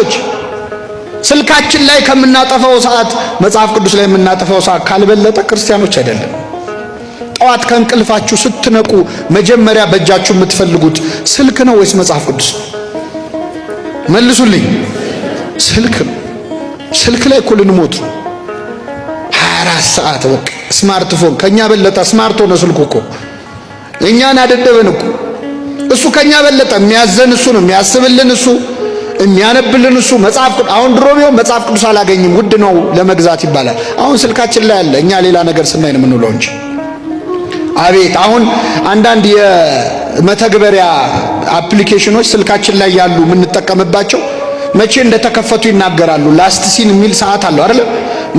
ወጣቶች ስልካችን ላይ ከምናጠፈው ሰዓት መጽሐፍ ቅዱስ ላይ የምናጠፈው ሰዓት ካልበለጠ ክርስቲያኖች አይደለም። ጠዋት ከእንቅልፋችሁ ስትነቁ መጀመሪያ በእጃችሁ የምትፈልጉት ስልክ ነው ወይስ መጽሐፍ ቅዱስ? መልሱልኝ። ስልክ ነው። ስልክ ላይ እኮ ልንሞት ነው። 24 ሰዓት በቃ ስማርትፎን ከኛ በለጠ። ስማርት ሆነ ስልኩ እኮ እኛን አደደበን እኮ። እሱ ከኛ በለጠ። የሚያዘን እሱ ነው፣ የሚያስብልን እሱ የሚያነብልን እሱ መጽሐፍ ቅዱስ። አሁን ድሮ ቢሆን መጽሐፍ ቅዱስ አላገኝም ውድ ነው ለመግዛት ይባላል። አሁን ስልካችን ላይ አለ። እኛ ሌላ ነገር ስናይ ነው የምንውለው እንጂ አቤት አሁን አንዳንድ የመተግበሪያ አፕሊኬሽኖች ስልካችን ላይ ያሉ የምንጠቀምባቸው መቼ እንደተከፈቱ ይናገራሉ። ላስት ሲን የሚል ሰዓት አለው አይደል?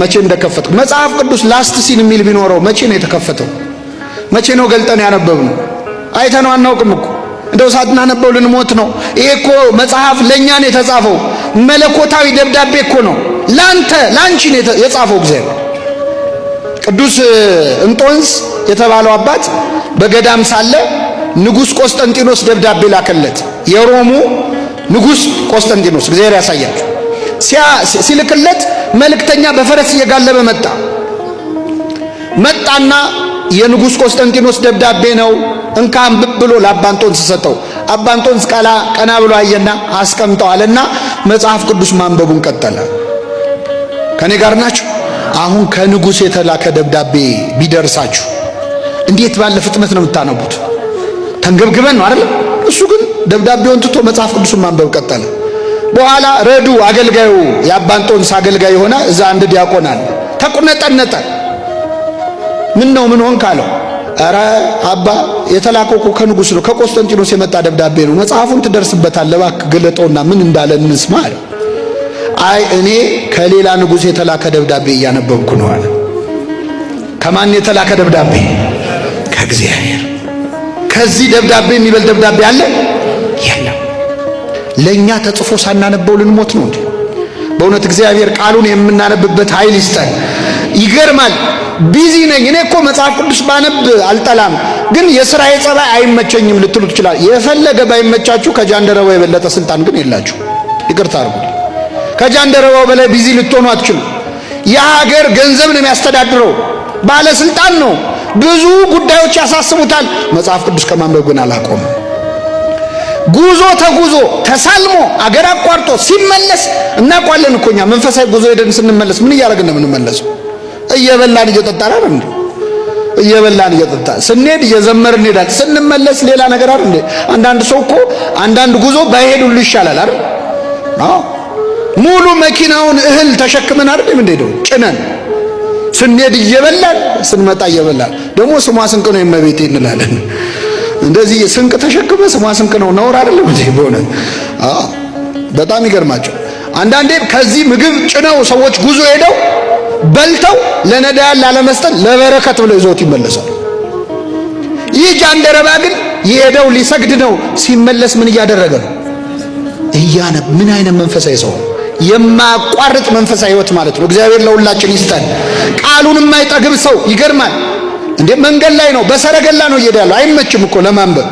መቼ እንደከፈቱ መጽሐፍ ቅዱስ ላስት ሲን የሚል ቢኖረው መቼ ነው የተከፈተው? መቼ ነው ገልጠን ያነበብነው? አይተነው አናውቅም እኮ እንደው ሳናነበው ልንሞት ነው። ይሄ እኮ መጽሐፍ ለእኛ ነው የተጻፈው። መለኮታዊ ደብዳቤ እኮ ነው ላንተ ላንቺ ነው የጻፈው እግዚአብሔር። ቅዱስ እንጦንስ የተባለው አባት በገዳም ሳለ ንጉሥ ቆስጠንጢኖስ ደብዳቤ ላከለት። የሮሙ ንጉሥ ቆስጠንጢኖስ እግዚአብሔር ሲያ ሲልክለት መልእክተኛ በፈረስ እየጋለበ መጣ መጣና የንጉሥ ቆስጠንጢኖስ ደብዳቤ ነው። እንካ አንብብ ብሎ ለአባንጦንስ ሰጠው። አባንጦንስ ቀላ ቀና ብሎ አየና አስቀምጠዋልና መጽሐፍ ቅዱስ ማንበቡን ቀጠለ። ከኔ ጋር ናችሁ? አሁን ከንጉሥ የተላከ ደብዳቤ ቢደርሳችሁ እንዴት ባለ ፍጥነት ነው የምታነቡት? ተንገብግበን ነው አይደል? እሱ ግን ደብዳቤውን ትቶ መጽሐፍ ቅዱስን ማንበብ ቀጠለ። በኋላ ረዱ አገልጋዩ የአባንጦንስ አገልጋይ የሆነ እዛ አንድ ዲያቆን አለ። ተቁነጠነጠ። ምን ነው ምን ሆንክ አለው። ኧረ አባ የተላከው ከንጉስ ነው ከቆስጠንጢኖስ የመጣ ደብዳቤ ነው። መጽሐፉን ትደርስበታለህ እባክህ ገለጠውና ምን እንዳለ እንስማ አለ አይ እኔ ከሌላ ንጉስ የተላከ ደብዳቤ እያነበብኩ ነው አለ። ከማን የተላከ ደብዳቤ? ከእግዚአብሔር። ከዚህ ደብዳቤ የሚበል ደብዳቤ አለ የለም። ለእኛ ተጽፎ ሳናነበው ልንሞት ነው እንዴ? በእውነት እግዚአብሔር ቃሉን የምናነብበት ኃይል ይስጠን። ይገርማል። ቢዚ ነኝ እኔ እኮ መጽሐፍ ቅዱስ ባነብ አልጠላም፣ ግን የስራ ጸባይ አይመቸኝም ልትሉ ትችላል። የፈለገ ባይመቻችሁ ከጃንደረባው የበለጠ ስልጣን ግን የላችሁ። ይቅርታ አርጉ። ከጃንደረባው በላይ ቢዚ ልትሆኑ አትችሉ። የሀገር ገንዘብ ነው የሚያስተዳድረው፣ ባለስልጣን ነው። ብዙ ጉዳዮች ያሳስቡታል። መጽሐፍ ቅዱስ ከማንበብ ግን አላቆም። ጉዞ ተጉዞ ተሳልሞ አገር አቋርጦ ሲመለስ እናውቋለን እኮ እኛ መንፈሳዊ ጉዞ ሄደን ስንመለስ ምን እያደረግን ነው የምንመለሰው? እየበላን እየጠጣን አይደል እንዴ? እየበላን እየጠጣን ስንሄድ እየዘመርን እንሄዳለን። ስንመለስ ሌላ ነገር አይደል እንዴ? አንዳንድ ሰው እኮ አንዳንድ ጉዞ ባይሄድ ሁሉ ይሻላል አይደል? አዎ ሙሉ መኪናውን እህል ተሸክመን አይደል የምንሄደው ጭነን ስንሄድ እየበላን ስንመጣ እየበላን ደግሞ ስሟ ስንቅ ነው የመቤቴ እንላለን። እንደዚህ ስንቅ ተሸክመ ስሟ ስንቅ ነው ነውር አይደለም እንዴ? በእውነት አዎ በጣም ይገርማቸው። አንዳንዴ ከዚህ ምግብ ጭነው ሰዎች ጉዞ ሄደው በልተው ለነዳያን ላለመስጠት ለበረከት ብለው ይዞት ይመለሳል። ይህ ጃንደረባ ግን የሄደው ሊሰግድ ነው። ሲመለስ ምን እያደረገ ነው? እያነብ ምን አይነት መንፈሳዊ ሰው የማያቋርጥ መንፈሳዊ ህይወት ማለት ነው። እግዚአብሔር ለሁላችን ይስጠን። ቃሉን የማይጠግብ ሰው ይገርማል። እንዴ መንገድ ላይ ነው፣ በሰረገላ ነው እየሄደ ያለው። አይመችም እኮ ለማንበብ።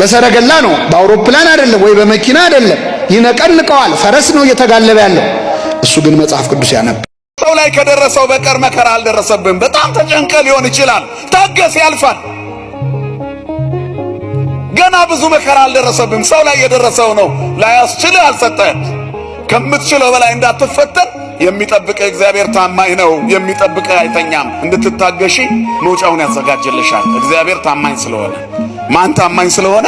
በሰረገላ ነው፣ በአውሮፕላን አይደለም ወይ በመኪና አይደለም። ይነቀንቀዋል። ፈረስ ነው እየተጋለበ ያለው። እሱ ግን መጽሐፍ ቅዱስ ያነብ ሰው ላይ ከደረሰው በቀር መከራ አልደረሰብን በጣም ተጨንቀ ሊሆን ይችላል። ታገስ፣ ያልፋል። ገና ብዙ መከራ አልደረሰብን ሰው ላይ የደረሰው ነው ላያስችልህ አልሰጠህም። ከምትችለው በላይ እንዳትፈተን የሚጠብቀ እግዚአብሔር ታማኝ ነው። የሚጠብቀ አይተኛም። እንድትታገሺ መውጫውን ያዘጋጅልሻል። እግዚአብሔር ታማኝ ስለሆነ ማን ታማኝ ስለሆነ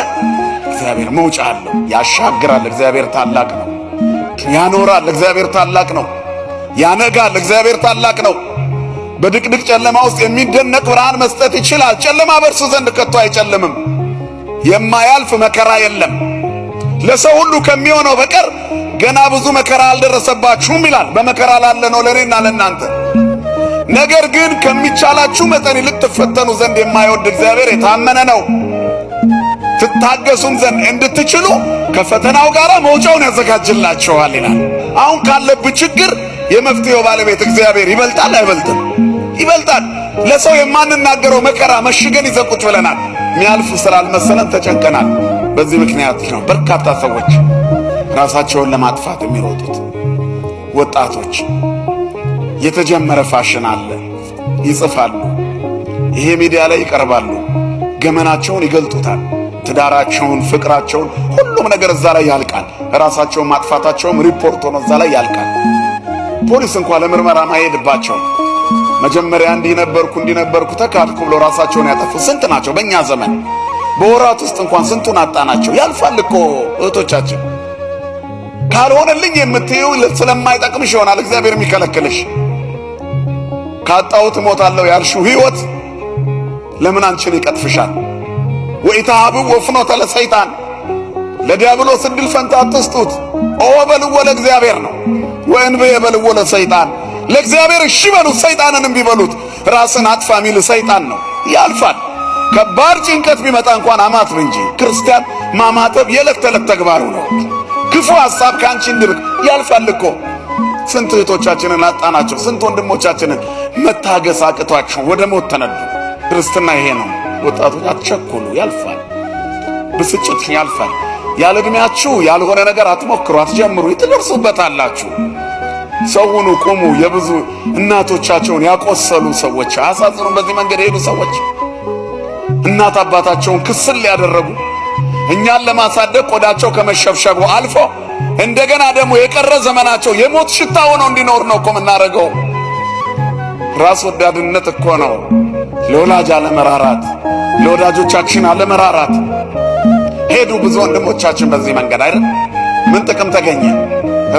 እግዚአብሔር መውጫ አለው። ያሻግራል። እግዚአብሔር ታላቅ ነው። ያኖራል። እግዚአብሔር ታላቅ ነው። ያነጋል። እግዚአብሔር ታላቅ ነው። በድቅድቅ ጨለማ ውስጥ የሚደነቅ ብርሃን መስጠት ይችላል። ጨለማ በእርሱ ዘንድ ከቶ አይጨልምም። የማያልፍ መከራ የለም ለሰው ሁሉ ከሚሆነው በቀር ገና ብዙ መከራ አልደረሰባችሁም ይላል። በመከራ ላለ ነው ለእኔና ለእናንተ። ነገር ግን ከሚቻላችሁ መጠን ይልቅ ትፈተኑ ዘንድ የማይወድ እግዚአብሔር የታመነ ነው። ትታገሱም ዘንድ እንድትችሉ ከፈተናው ጋር መውጫውን ያዘጋጅላችኋል ይላል። አሁን ካለብህ ችግር የመፍትሄው ባለቤት እግዚአብሔር ይበልጣል አይበልጥም? ይበልጣል። ለሰው የማንናገረው መከራ መሽገን ይዘቁት ብለናል። የሚያልፍ ስላልመሰለን ተጨንቀናል። በዚህ ምክንያት ነው በርካታ ሰዎች ራሳቸውን ለማጥፋት የሚሮጡት። ወጣቶች የተጀመረ ፋሽን አለ፣ ይጽፋሉ፣ ይሄ ሚዲያ ላይ ይቀርባሉ፣ ገመናቸውን ይገልጡታል፣ ትዳራቸውን፣ ፍቅራቸውን፣ ሁሉም ነገር እዛ ላይ ያልቃል። ራሳቸውን ማጥፋታቸውም ሪፖርት ሆኖ እዛ ላይ ያልቃል። ፖሊስ እንኳ ለምርመራ ማይሄድባቸው መጀመሪያ እንዲነበርኩ እንዲነበርኩ ተካድኩ ብሎ ራሳቸውን ያጠፉ ስንት ናቸው? በእኛ ዘመን በወራት ውስጥ እንኳን ስንቱን አጣናቸው። ያልፋል እኮ እህቶቻችን። ካልሆነልኝ የምትይው ስለማይጠቅምሽ ይሆናል እግዚአብሔር የሚከለክልሽ። ካጣሁት እሞታለሁ ያልሽው ሕይወት ለምን አንቺን ይቀጥፍሻል? ወኢታሃብ ወፍኖተ ለሰይጣን ለዲያብሎስ ዕድል ፈንታ አትስጡት። ኦ በልዎ ለእግዚአብሔር ነው። ወእንብዕ የበልዎ ለሰይጣን ለእግዚአብሔር እሺ በሉ። ሰይጣንንም ቢበሉት ራስን አጥፋ ሚል ሰይጣን ነው። ያልፋል። ከባድ ጭንቀት ቢመጣ እንኳን አማትብ እንጂ ክርስቲያን ማማተብ የዕለት ተዕለት ተግባሩ ነው። ክፉ ሐሳብ ከአንቺ እንድርቅ ያልፋል እኮ። ስንት እህቶቻችንን አጣናቸው። ስንት ወንድሞቻችንን መታገስ አቅቷቸው ወደ ሞት ተነዱ። ክርስትና ይሄ ነው። ወጣቶች አትቸኩሉ፣ ያልፋል። ብስጭት ያልፋል። ያለ ዕድሜያችሁ ያልሆነ ነገር አትሞክሩ፣ አትጀምሩ፣ ትደርሱበታላችሁ። ሰውኑ ቁሙ። የብዙ እናቶቻቸውን ያቆሰሉ ሰዎች አሳዝኑ። በዚህ መንገድ የሄዱ ሰዎች እናት አባታቸውን ክስል ያደረጉ እኛን ለማሳደግ ቆዳቸው ከመሸብሸቡ አልፎ እንደገና ደግሞ የቀረ ዘመናቸው የሞት ሽታ ሆኖ እንዲኖር ነው እኮ የምናደርገው። ራስ ወዳድነት እኮ ነው። ለወላጅ አለመራራት፣ ለወዳጆቻችን አለመራራት። ሄዱ ብዙ ወንድሞቻችን በዚህ መንገድ አይደል? ምን ጥቅም ተገኘ?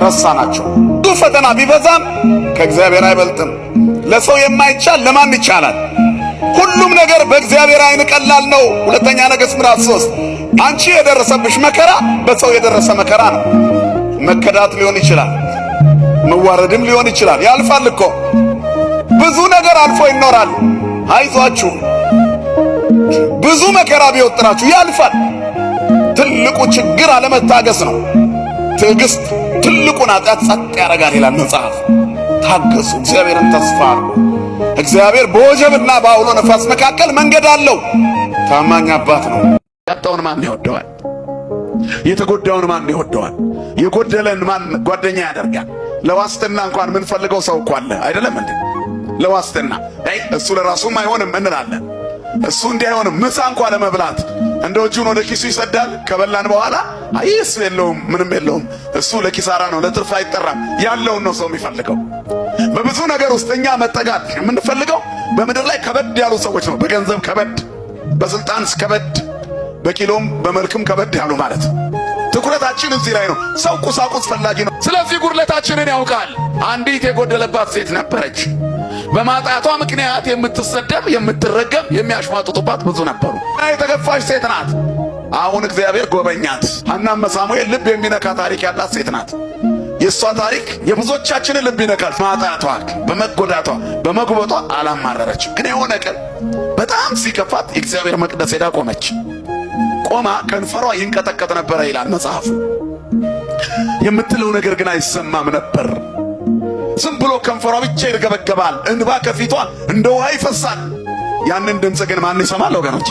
ረሳናቸው። ብዙ ፈተና ቢበዛም ከእግዚአብሔር አይበልጥም። ለሰው የማይቻል ለማን ይቻላል? ሁሉም ነገር በእግዚአብሔር አይን ቀላል ነው። ሁለተኛ ነገሥት ምዕራፍ ሶስት አንቺ የደረሰብሽ መከራ በሰው የደረሰ መከራ ነው። መከዳት ሊሆን ይችላል፣ መዋረድም ሊሆን ይችላል። ያልፋል እኮ ብዙ ነገር አልፎ ይኖራል። አይዟችሁ፣ ብዙ መከራ ቢወጥራችሁ ያልፋል። ትልቁ ችግር አለመታገስ ነው። ትዕግስት ትልቁን ኃጢአት ጸጥ ያደርጋል ይላል መጽሐፍ። ታገሱ፣ እግዚአብሔርን ተስፋ አድርጉ። እግዚአብሔር በወጀብና በአውሎ ነፋስ መካከል መንገድ አለው። ታማኝ አባት ነው። ያጣውን ማን ይወደዋል? የተጎዳውን ማን ይወደዋል? የጎደለን ማን ጓደኛ ያደርጋል? ለዋስትና እንኳን የምንፈልገው ሰው እኮ አለ አይደለም እንዴ? ለዋስትና እሱ ለራሱም አይሆንም እንላለን። እሱ እንዲህ አይሆንም ምሳ እንኳ ለመብላት እንደ እጁን ወደ ኪሱ ይሰዳል። ከበላን በኋላ አይ እሱ የለውም ምንም የለውም፣ እሱ ለኪሳራ ነው ለትርፍ አይጠራም። ያለውን ነው ሰው የሚፈልገው። በብዙ ነገር ውስጥ እኛ መጠጋት የምንፈልገው በምድር ላይ ከበድ ያሉ ሰዎች ነው። በገንዘብ ከበድ፣ በስልጣን ከበድ፣ በኪሎም በመልክም ከበድ ያሉ ማለት ነው። ትኩረታችን እዚህ ላይ ነው። ሰው ቁሳቁስ ፈላጊ ነው። ስለዚህ ጉድለታችንን ያውቃል። አንዲት የጎደለባት ሴት ነበረች። በማጣቷ ምክንያት የምትሰደብ የምትረገም የሚያሽማጥጡባት ብዙ ነበሩ። የተገፋች ሴት ናት። አሁን እግዚአብሔር ጎበኛት። ሐናም ሳሙኤል ልብ የሚነካ ታሪክ ያላት ሴት ናት። የእሷ ታሪክ የብዙዎቻችንን ልብ ይነካል። ማጣቷ፣ በመጎዳቷ፣ በመጉበቷ አላማረረች። ግን የሆነ ቀን በጣም ሲከፋት የእግዚአብሔር መቅደስ ሄዳ ቆመች። ቆማ ከንፈሯ ይንቀጠቀጥ ነበረ ይላል መጽሐፉ። የምትለው ነገር ግን አይሰማም ነበር። ዝም ብሎ ከንፈሯ ብቻ ይርገበገባል፣ እንባ ከፊቷ እንደ ውሃ ይፈሳል። ያንን ድምፅ ግን ማን ይሰማል ወገኖች?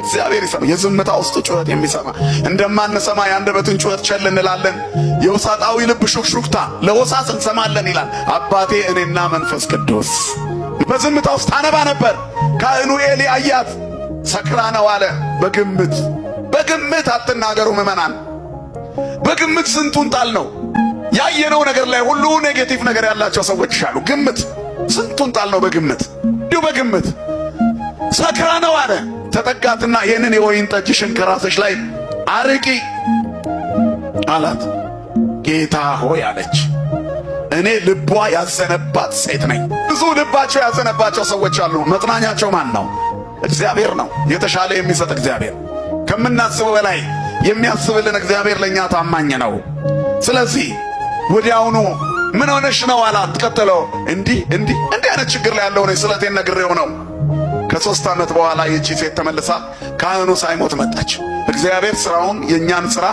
እግዚአብሔር ይሰማ። የዝምታ ውስጥ ጩኸት የሚሰማ እንደማንሰማ የአንደበትን ጩኸት ቸል እንላለን። የውሳጣዊ ልብ ሹክሹክታ ለወሳስ እንሰማለን ይላል አባቴ። እኔና መንፈስ ቅዱስ በዝምታ ውስጥ አነባ ነበር። ካህኑ ኤሊ አያት፣ ሰክራ ነው አለ። በግምት በግምት አትናገሩ ምእመናን፣ በግምት ስንቱን ጣል ነው ያየነው ነገር ላይ ሁሉ ኔጌቲቭ ነገር ያላቸው ሰዎች አሉ። ግምት ስንቱን ጣል ነው በግምት እንዲሁ በግምት ሰክራ ነው አለ ተጠጋትና ይህንን የወይን ጠጅሽን ከራስሽ ላይ አርቂ አላት። ጌታ ሆይ አለች፣ እኔ ልቧ ያዘነባት ሴት ነኝ። ብዙ ልባቸው ያዘነባቸው ሰዎች አሉ። መጽናኛቸው ማን ነው? እግዚአብሔር ነው። የተሻለ የሚሰጥ እግዚአብሔር ከምናስበው በላይ የሚያስብልን እግዚአብሔር ለእኛ ታማኝ ነው። ስለዚህ ወዲያውኑ ምን ሆነሽ ነው አላት። ቀጠለው እንዲህ እንዲህ እንዲህ አይነት ችግር ላይ ያለው ነው ስለቴን ነግሬው ነው። ከሶስት ዓመት በኋላ የቺ ሴት ተመልሳ ካህኑ ሳይሞት መጣች። እግዚአብሔር ስራውን የእኛን ስራ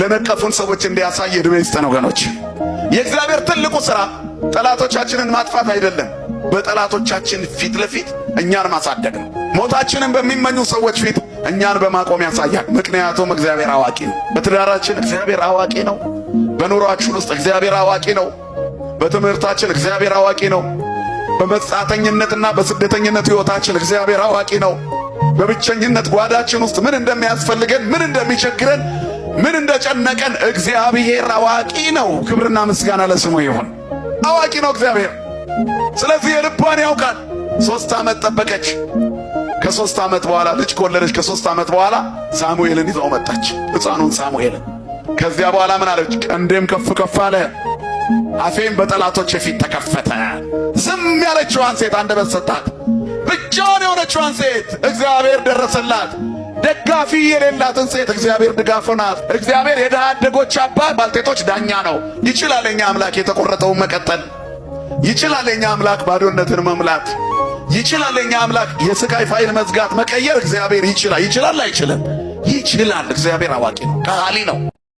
ለነቀፉን ሰዎች እንዲያሳይ እድሜ ይስጠን ወገኖች። የእግዚአብሔር ትልቁ ስራ ጠላቶቻችንን ማጥፋት አይደለም፣ በጠላቶቻችን ፊት ለፊት እኛን ማሳደግ ነው። ሞታችንን በሚመኙ ሰዎች ፊት እኛን በማቆም ያሳያል። ምክንያቱም እግዚአብሔር አዋቂ ነው። በትዳራችን እግዚአብሔር አዋቂ ነው። በኑሯችን ውስጥ እግዚአብሔር አዋቂ ነው። በትምህርታችን እግዚአብሔር አዋቂ ነው። በመጻተኝነትና በስደተኝነት ሕይወታችን እግዚአብሔር አዋቂ ነው። በብቸኝነት ጓዳችን ውስጥ ምን እንደሚያስፈልገን፣ ምን እንደሚቸግረን፣ ምን እንደጨነቀን እግዚአብሔር አዋቂ ነው። ክብርና ምስጋና ለስሙ ይሁን። አዋቂ ነው እግዚአብሔር። ስለዚህ የልቧን ያውቃል። ሶስት ዓመት ጠበቀች። ከሶስት ዓመት በኋላ ልጅ ከወለደች ከሶስት ዓመት በኋላ ሳሙኤልን ይዘው መጣች፣ ሕፃኑን ሳሙኤልን ከዚያ በኋላ ምን አለች? ቀንዴም ከፍ ከፍ አለ፣ አፌም በጠላቶች የፊት ተከፈተ። ዝም ያለችዋን ሴት አንደበት ሰጣት። ብቻዋን የሆነችዋን ሴት እግዚአብሔር ደረሰላት። ደጋፊ የሌላትን ሴት እግዚአብሔር ድጋፍ እግዚአብሔር የድሃ አደጎች አባት ባልቴቶች ዳኛ ነው። ይችላል የኛ አምላክ የተቆረጠውን መቀጠል ይችላል የኛ አምላክ ባዶነትን መምላት ይችላል የኛ አምላክ የስቃይ ፋይል መዝጋት መቀየር እግዚአብሔር ይችላል። ይችላል አይችልም? ይችላል። እግዚአብሔር አዋቂ ነው፣ ከሃሊ ነው።